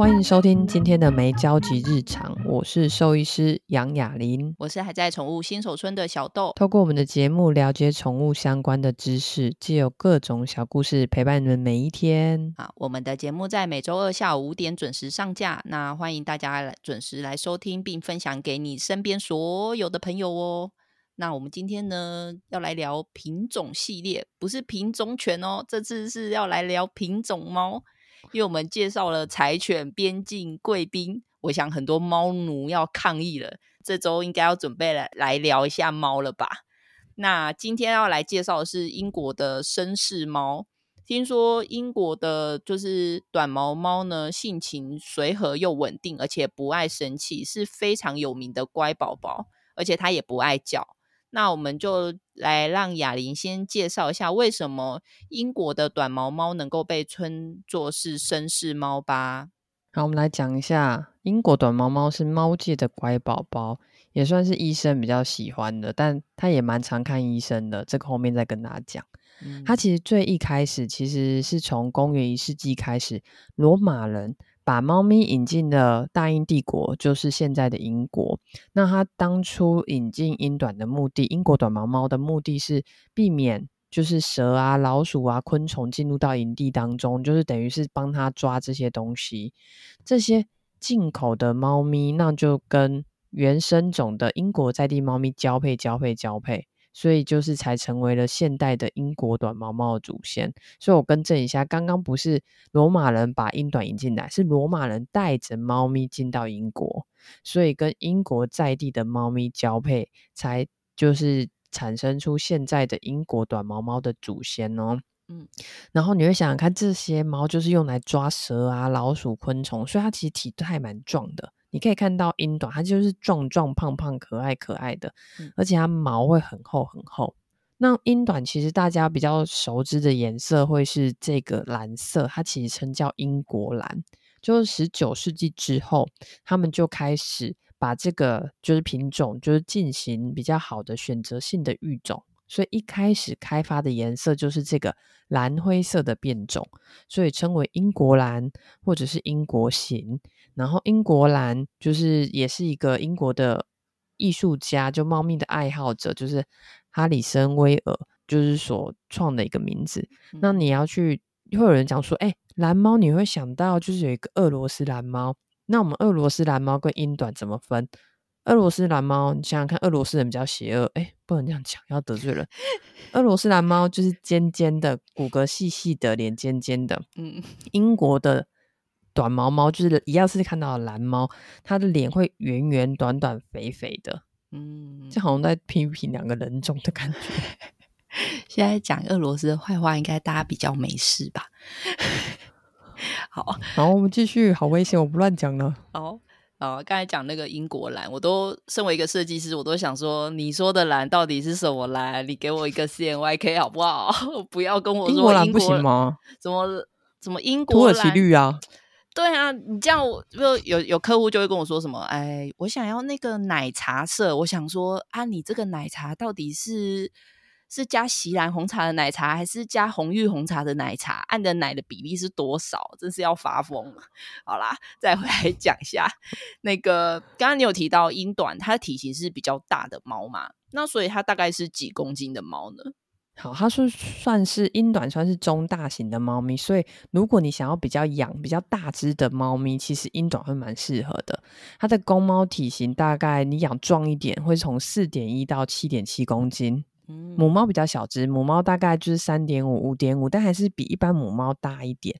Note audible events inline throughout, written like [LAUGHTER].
歡迎收聽今天的《沒交集日常》，我是獸醫師楊雅琳，我是還在寵物新手村的小豆。透過我們的節目了解寵物相關的知識，既有各種小故事陪伴你們每一天。好，我們的節目在每周二下午五點準時上架，那歡迎大家來準時來收聽，並分享給你身邊所有的朋友哦。那我們今天呢，要來聊品種系列，不是品種犬哦，這次是要來聊品種貓。因為我們介紹了柴犬、邊境貴賓，我想很多貓奴要抗議了。這周應該要準備來來聊一下貓了吧？那今天要來介紹的是英國的紳士貓。聽說英國的就是短毛貓呢，性情隨和又穩定，而且不愛生氣，是非常有名的乖寶寶。而且它也不愛叫。那我們就來讓雅琳先介紹一下，為什麼英國的短毛貓能夠被稱作是紳士貓吧。好，我們來講一下，英國短毛貓是貓界的乖寶寶，也算是醫生比較喜歡的，但他也蠻常看醫生的，這個後面再跟大家講。嗯。他其實最一開始其實是從公元一世紀開始，羅馬人。把貓咪引進了大英帝國，就是現在的英國。那他當初引進英短的目的，英國短毛貓的目的是避免就是蛇啊、老鼠啊、昆蟲進入到營地當中，就是等於是幫他抓這些東西。這些進口的貓咪，那就跟原生種的英國在地貓咪交配、交配、交配，所以就是才成為了現代的英國短毛貓的祖先。所以我更正一下，剛剛不是羅馬人把英短引進來，是羅馬人帶着貓咪進到英國，所以跟英國在地的貓咪交配，才就是產生出現在的英國短毛貓的祖先哦。嗯，然後你會想想看，這些貓就是用來抓蛇啊、老鼠、昆蟲，所以它其實體態蠻壯的。你可以看到英短，它就是壯壯胖胖，可愛可愛的，而且它毛會很厚很厚。那英短其實大家比較熟知的顏色會是這個藍色，它其實稱叫英國藍。就是十九世紀之後，他們就開始把這個就是品種就是進行比較好的選擇性的育種，所以一開始開發的顏色就是這個藍灰色的變種，所以稱為英國藍或者是英國型。然後，英國藍就是也是一個英國的藝術家，就貓咪的愛好者，就是哈里森·威爾，就是所創的一個名字。那你要去，會有人講說，哎、欸，藍貓你會想到就是有一個俄羅斯藍貓。那我們俄羅斯藍貓跟英短怎麼分？俄羅斯藍貓，你想想看，俄羅斯人比較邪惡，哎、欸，不能這樣講，要得罪人。 [LAUGHS] 俄羅斯藍貓就是尖尖的，骨骼細細的，臉尖尖的。嗯，英國的。短毛貓就是一樣，是看到藍貓，它的臉會圓圓、短短、肥肥的，嗯，就好像在拼一拼兩個人種的感覺。現在講俄羅斯的壞話，應該大家比較沒事吧？ [LAUGHS] 好，好，然後我們繼續，好危險，我不亂講了。哦，哦，剛才講那個英國藍，我都身為一個設計師，我都想說，你說的藍到底是什麼藍？你給我一個 C M Y K 好不好？ [LAUGHS] 不要跟我說英國藍，英國藍不行嗎？怎麼怎麼英國藍土耳其綠啊？對啊，你這樣我有有，有客戶就會跟我說什麼？哎，我想要那個奶茶色，我想說，啊，你這個奶茶到底是是加錫蘭紅茶的奶茶，還是加紅玉紅茶的奶茶？按、啊、你的奶的比例是多少？真是要發瘋了。好啦，再回來講一下，那個剛剛你有提到英短，它的體型是比較大的貓嘛？那所以它大概是幾公斤的貓呢？好，它是算是英短，算是中大型的貓咪。所以，如果你想要比較養、比較大只的貓咪，其實英短會蠻適合的。它的公貓體型大概你養壯一點，會從四點一到七點七公斤。母貓比較小只，母貓大概就是三點五、五點五，但還是比一般母貓大一點。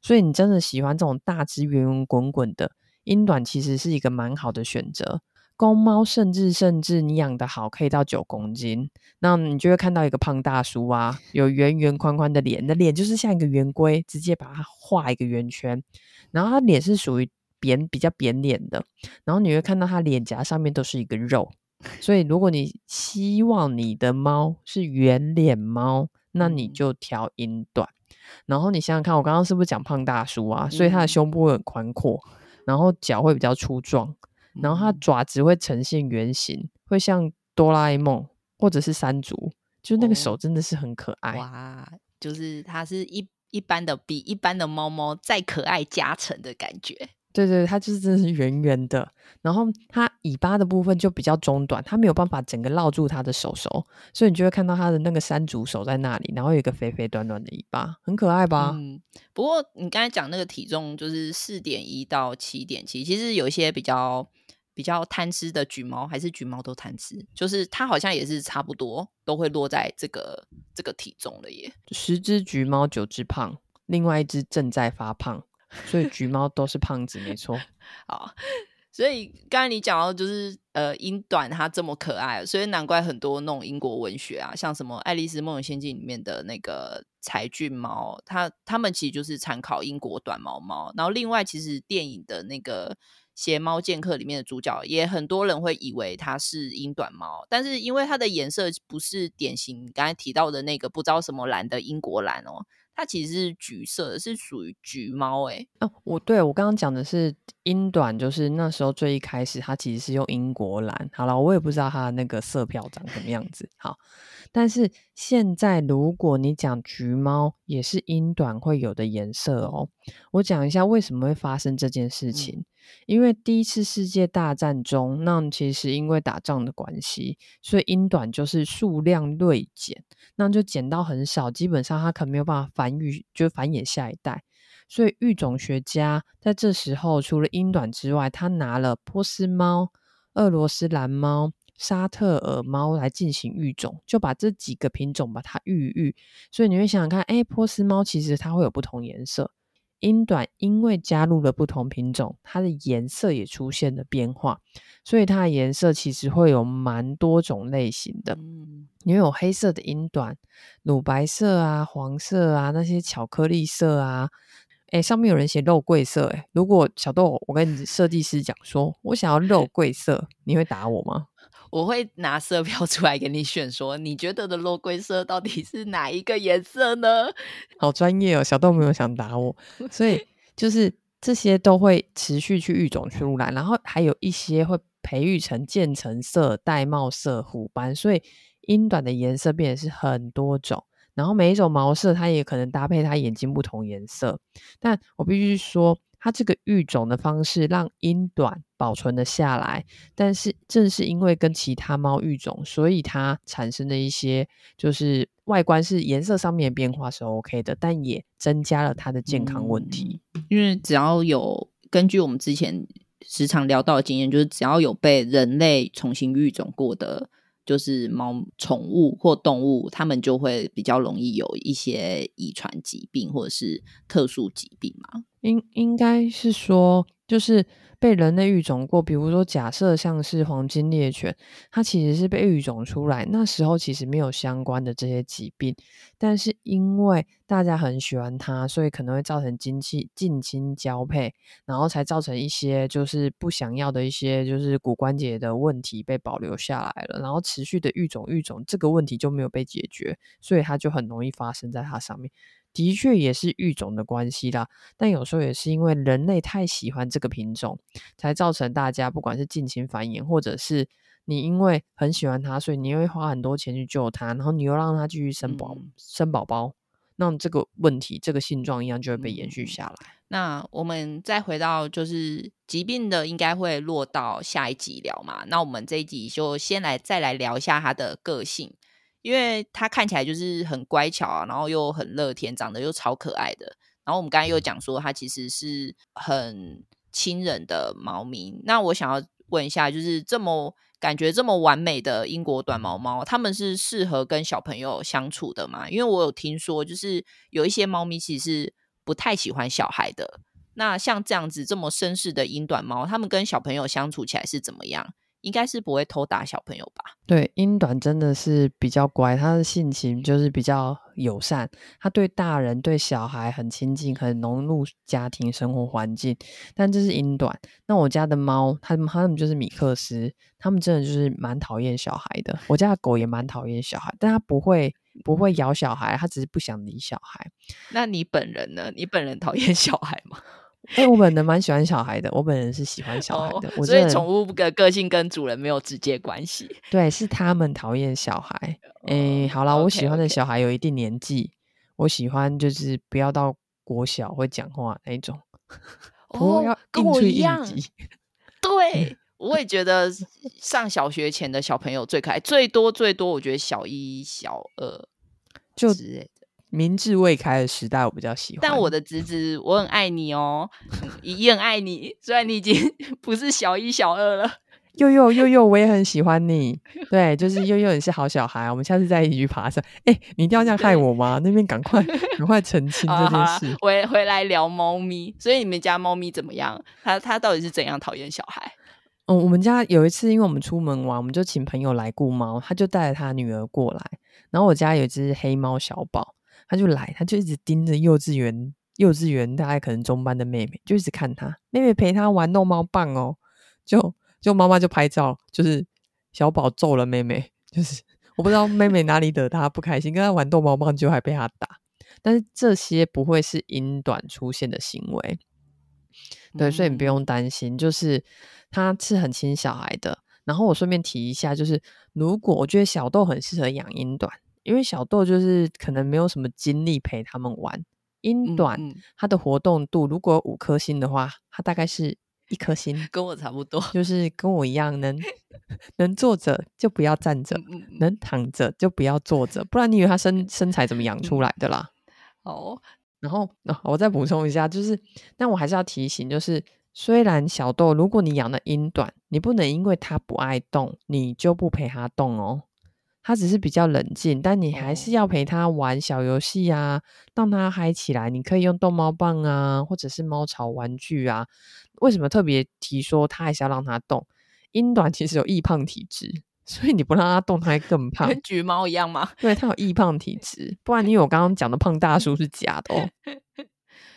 所以，你真的喜歡這種大只、圓圓滾滾的英短，其實是一個蠻好的選擇。公貓甚至甚至你養的好，可以到九公斤，那你就會看到一個胖大叔啊，有圓圓寬寬的臉，那臉就是像一個圓規，直接把它畫一個圓圈。然後它臉是屬於扁比較扁臉的，然後你會看到它臉頰上面都是一個肉。所以如果你希望你的貓是圓臉貓，那你就挑英短。然後你想想看，我剛剛是不是講胖大叔啊？所以它的胸部很寬闊，然後腳會比較粗壯。然後它爪子會呈現圓形，嗯、會像哆啦 A 夢或者是山竹，就是那個手真的是很可愛。哦、哇，就是它是一一般的比一般的貓貓再可愛加成的感覺。對對，它就是真的是圓圓的，然後它尾巴的部分就比較中短，它沒有辦法整個繞住它的手手，所以你就會看到它的那個山竹手在那裡，然後有一個肥肥短短的尾巴，很可愛吧？嗯。不過你剛才講那個體重就是四點一到七點七，其實有一些比較比較貪吃的橘貓，還是橘貓都貪吃，就是它好像也是差不多都會落在這個這個體重的耶。十隻橘貓，九隻胖，另外一隻正在發胖。所以橘貓都是胖子， [LAUGHS] 沒錯。 [LAUGHS] 好，所以剛才你講到就是呃英短它這麼可愛，所以難怪很多弄英國文學啊，像什麼《愛麗絲夢遊仙境》裡面的那個柴郡貓，它它們其實就是參考英國短毛貓，貓。然後另外其實電影的那個《鞋貓劍客》裡面的主角，也很多人會以為它是英短貓，但是因為它的顏色不是典型剛才提到的那個不知道什麼藍的英國藍哦。它其實是橘色的，是屬於橘貓誒。啊，我對我剛剛講的是英短，就是那時候最一開始，它其實是用英國藍。好了，我也不知道它的那個色票長什麼樣子。 [LAUGHS] 好，但是現在如果你講橘貓也是英短會有的顏色哦，我講一下為什麼會發生這件事情。嗯因為第一次世界大戰中，那其實因為打仗的關係，所以英短就是數量銳減，那就減到很少，基本上它可能沒有辦法繁育，就繁衍下一代。所以育種學家在這時候，除了英短之外，他拿了波斯貓、俄羅斯藍貓、沙特爾貓來進行育種，就把這幾個品種把它育育。所以你會想想看，誒、哎、波斯貓其實它會有不同顏色。英短因為加入了不同品種，它的顏色也出現了變化，所以它的顏色其實會有蠻多種類型的。嗯，因為有黑色的英短、乳白色啊、黃色啊、那些巧克力色啊。誒，上面有人寫肉桂色。誒，如果小豆我跟你設計師講說，我想要肉桂色， [LAUGHS] 你會打我嗎？我會拿色票出來給你選說，說你覺得的肉桂色到底是哪一個顏色呢？好專業哦，小豆沒有想打我，所以就是這些都會持續去育種出來， [LAUGHS] 然後還有一些會培育成漸層色、玳瑁色、虎斑，所以英短的顏色變的是很多種。然後每一種毛色，它也可能搭配它眼睛不同顏色。但我必須說，它這個育種的方式讓英短保存了下來。但是正是因為跟其他貓育種，所以它產生的一些就是外觀是顏色上面的變化是 OK 的，但也增加了它的健康問題。嗯，因為只要有根據我們之前時常聊到的經驗，就是只要有被人類重新育種過的。就是貓、寵物或動物，他們就會比較容易有一些遺傳疾病或者是特殊疾病嘛？應應該是說，就是。被人類育種過，比如說，假設像是黃金獵犬，它其實是被育種出來，那時候其實沒有相關的這些疾病，但是因為大家很喜歡它，所以可能會造成親戚近親交配，然後才造成一些就是不想要的一些就是骨關節的問題被保留下來了，然後持續的育種育種，這個問題就沒有被解決，所以它就很容易發生在它上面。的確也是育種的關係啦，但有時候也是因為人類太喜歡這個品種，才造成大家不管是近親繁衍，或者是你因為很喜歡它，所以你會花很多錢去救它，然後你又讓它繼續生寶寶、嗯、生寶寶，那這個問題、這個性狀一樣就會被延續下來。那我們再回到就是疾病的，應該會落到下一集聊嘛？那我們這一集就先來再來聊一下它的個性。因為它看起來就是很乖巧啊，然後又很樂天，長得又超可愛的。然後我們剛才又講說，它其實是很親人的貓咪。那我想要問一下，就是這麼感覺這麼完美的英國短毛貓，他們是適合跟小朋友相處的嗎？因為我有聽說，就是有一些貓咪其實是不太喜歡小孩的。那像這樣子這麼紳士的英短貓，他們跟小朋友相處起來是怎麼樣？應該是不會偷打小朋友吧？對，英短真的是比較乖，他的性情就是比較友善，他對大人對小孩很親近，很融入家庭生活環境。但這是英短，那我家的貓，他們他們就是米克斯，他們真的就是蠻討厭小孩的。我家的狗也蠻討厭小孩，但它不會不會咬小孩，它只是不想理小孩。那你本人呢？你本人討厭小孩嗎？哎、欸，我本人蠻喜歡小孩的。我本人是喜歡小孩的。Oh, 所以寵物的個性跟主人沒有直接關係。對，是他們討厭小孩。哎、oh, 欸，好啦，okay, 我喜歡的小孩有一定年紀。okay. 我喜歡就是不要到國小會講話那一種。不、oh, 要跟我一樣。對， [LAUGHS] 我也覺得上小學前的小朋友最可愛，最多最多，我覺得小一、小二就是。民智未開的時代，我比較喜歡。但我的侄子，我很愛你哦、喔，也 [LAUGHS] 也很愛你。雖然你已經不是小一、小二了。悠悠悠悠，我也很喜歡你。 [LAUGHS] 對，就是悠悠你是好小孩。我們下次再一起去爬山。哎、欸，你一定要這樣害我嗎？對那邊趕快趕快澄清這件事。回、 [LAUGHS] 啊啊、回來聊貓咪，所以你們家貓咪怎麼樣？它它到底是怎樣討厭小孩？嗯，我們家有一次，因為我們出門玩，我們就請朋友來顧貓，他就帶了他女兒過來，然後我家有隻黑貓小寶。他就來，他就一直盯着幼稚園，幼稚園大概可能中班的妹妹，就一直看他，妹妹陪他玩逗貓棒哦，就就媽媽就拍照，就是小寶揍了妹妹，就是我不知道妹妹哪裡惹他不開心， [LAUGHS] 跟他玩逗貓棒就還被他打，但是這些不會是英短出現的行為，嗯、對，所以你不用擔心，就是他是很親小孩的。然後我順便提一下，就是如果我覺得小豆很適合養英短。因為小豆就是可能沒有什麼精力陪他們玩，英短，嗯嗯，它的活動度如果五顆星的話，它大概是一顆星，跟我差不多，就是跟我一樣能，能 [LAUGHS] 能坐着就不要站着，嗯嗯，能躺着就不要坐着，不然你以為它身、嗯、身材怎麼養出來的啦？嗯、好哦，然後，哦、我再補充一下，就是但我還是要提醒，就是雖然小豆，如果你養的英短，你不能因為它不愛動，你就不陪它動哦。他只是比較冷靜，但你還是要陪他玩小遊戲啊，哦、讓他嗨起來。你可以用逗貓棒啊，或者是貓草玩具啊。為什麼特別提說他還是要讓他動？英短其實有易胖體質，所以你不讓他動，他還更胖。跟橘貓一樣嗎？對，他有易胖體質，不然你有我剛剛講的胖大叔是假的哦。 [LAUGHS]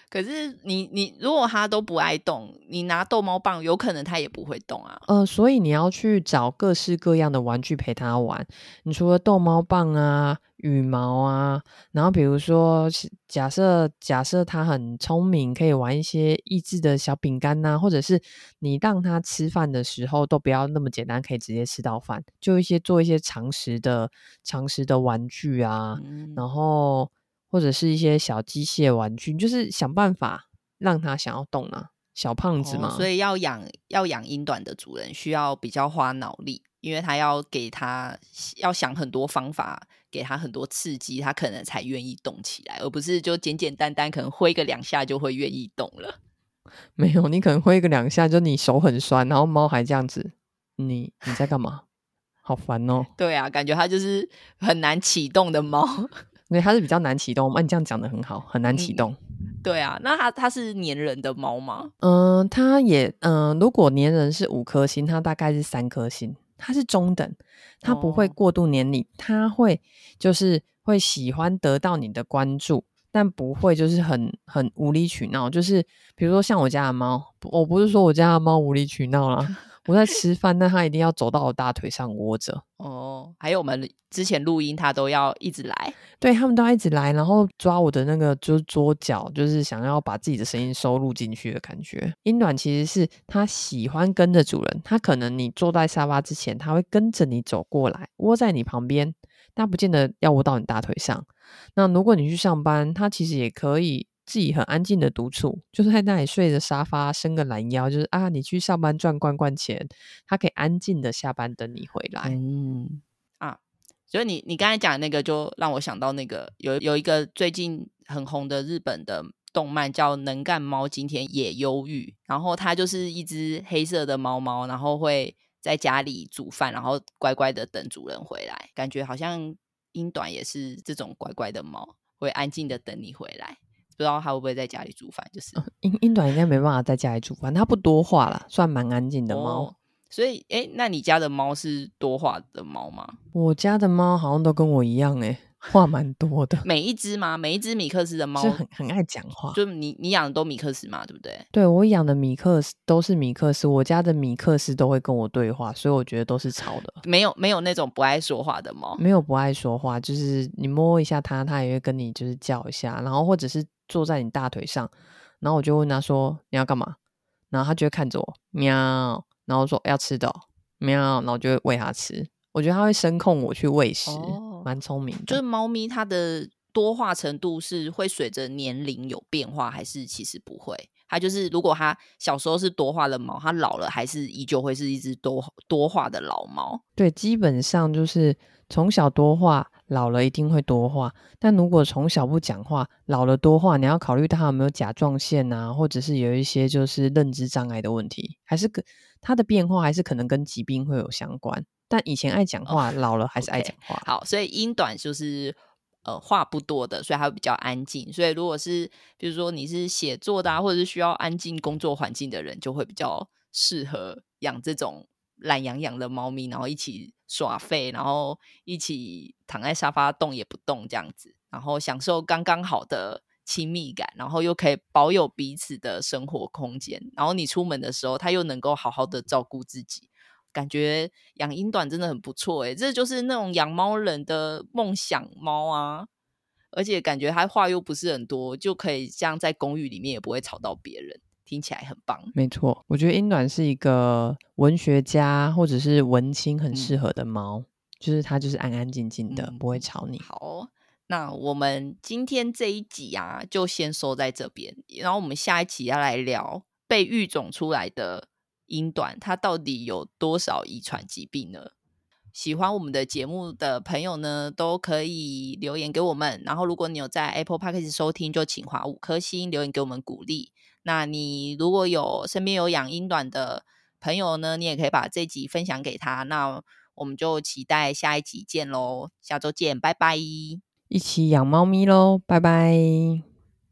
可是你你如果他都不愛動，你拿逗貓棒，有可能他也不會動啊。呃，所以你要去找各式各樣的玩具陪他玩。你除了逗貓棒啊、羽毛啊，然後比如說，假設假設他很聰明，可以玩一些益智的小餅乾啊，或者是你讓他吃飯的時候都不要那麼簡單，可以直接吃到飯，就一些做一些常識的常識的玩具啊，嗯、然後。或者是一些小機械玩具，就是想辦法讓他想要動啊，小胖子嘛，哦，所以要養要養英短的主人需要比較花腦力，因為他要給它要想很多方法，給他很多刺激，他可能才願意動起來，而不是就簡簡單單可能揮個兩下就會願意動了。沒有，你可能揮個兩下，就你手很酸，然後貓還這樣子，你你在幹嘛？ [LAUGHS] 好煩哦！對啊，感覺它就是很難啟動的貓。對，它是比較難啟動。我、啊、們這樣講的很好，很難啟動。對啊，那它它是粘人的貓嗎？嗯、呃，它也嗯、呃，如果粘人是五顆星，它大概是三顆星，它是中等，它不會過度粘你，它、哦、會就是會喜歡得到你的關注，但不會就是很很無理取鬧。就是比如說像我家的貓，我不是說我家的貓無理取鬧啦。 [LAUGHS] 我在吃飯， [LAUGHS] 但他一定要走到我大腿上窩着。哦，還有我們之前錄音，他都要一直來，對，他們都要一直來，然後抓我的那個桌、就是、桌角，就是想要把自己的聲音收錄進去的感覺。英短其實是他喜歡跟着主人，他可能你坐在沙發之前，他會跟着你走過來，窩在你旁邊，但不見得要窩到你大腿上。那如果你去上班，他其實也可以。自己很安靜的獨處，就是在那裡睡着沙發，伸個懶腰，就是啊，你去上班賺罐罐錢，他可以安靜的下班等你回來。嗯啊，所以你你剛才講的那個，就讓我想到那個有有一個最近很紅的日本的動漫叫《能幹貓今天也憂鬱》。然後它就是一隻黑色的貓貓，然後會在家裡煮飯，然後乖乖的等主人回來。感覺好像英短也是這種乖乖的貓，會安靜的等你回來。不知道它會不會在家裡煮飯，就是英英、嗯、短應該沒辦法在家裡煮飯。它不多話啦，算蠻安靜的貓、哦。所以，哎、欸，那你家的貓是多話的貓嗎？我家的貓好像都跟我一樣、欸，哎，話蠻多的。每一隻嗎？每一隻米克斯的貓是很很愛講話。就你你養的都米克斯嘛，對不對？對，我養的米克斯都是米克斯，我家的米克斯都會跟我對話，所以我覺得都是吵的。沒有沒有那種不愛說話的貓，沒有不愛說話，就是你摸一下它，它也會跟你就是叫一下，然後或者是。坐在你大腿上，然後我就問他說你要幹嘛，然後他就會看着我喵，然後說要吃的喵，然後我就會餵他吃。我覺得他會聲控我去餵食，哦、蠻聰明的。就是貓咪它的多話程度是會隨着年齡有變化，還是其實不會？它就是如果它小時候是多話的貓，它老了還是依舊會是一隻多多話的老貓？對，基本上就是從小多話。老了一定會多話，但如果從小不講話，老了多話，你要考慮它有沒有甲狀腺啊，或者是有一些就是認知障礙的問題，還是跟它的變化還是可能跟疾病會有相關。但以前愛講話，老了還是愛講話。Oh, okay. 好，所以英短就是呃話不多的，所以它會比較安靜。所以如果是比如說你是寫作的啊，或者是需要安靜工作環境的人，就會比較適合養這種懶洋洋的貓咪，然後一起。耍廢，然後一起躺在沙發動也不動這樣子，然後享受剛剛好的親密感，然後又可以保有彼此的生活空間。然後你出門的時候，他又能夠好好的照顧自己，感覺養英短真的很不錯誒，這就是那種養貓人的夢想貓啊！而且感覺他話又不是很多，就可以像在公寓裡面也不會吵到別人。聽起來很棒，沒錯。我覺得英短是一個文學家或者是文青很適合的貓，嗯、就是它就是安安靜靜的，嗯、不會吵你。好，那我們今天這一集啊，就先收在這邊。然後我們下一集要來聊被育種出來的英短，它到底有多少遺傳疾病呢？喜歡我們的節目的朋友呢，都可以留言給我們。然後如果你有在 Apple Podcast 收聽，就請畫五顆星留言給我們鼓勵。那你如果有身邊有養英短的朋友呢，你也可以把這集分享給他。那我們就期待下一集見嘍，下周見，拜拜，一起養貓咪嘍，拜拜。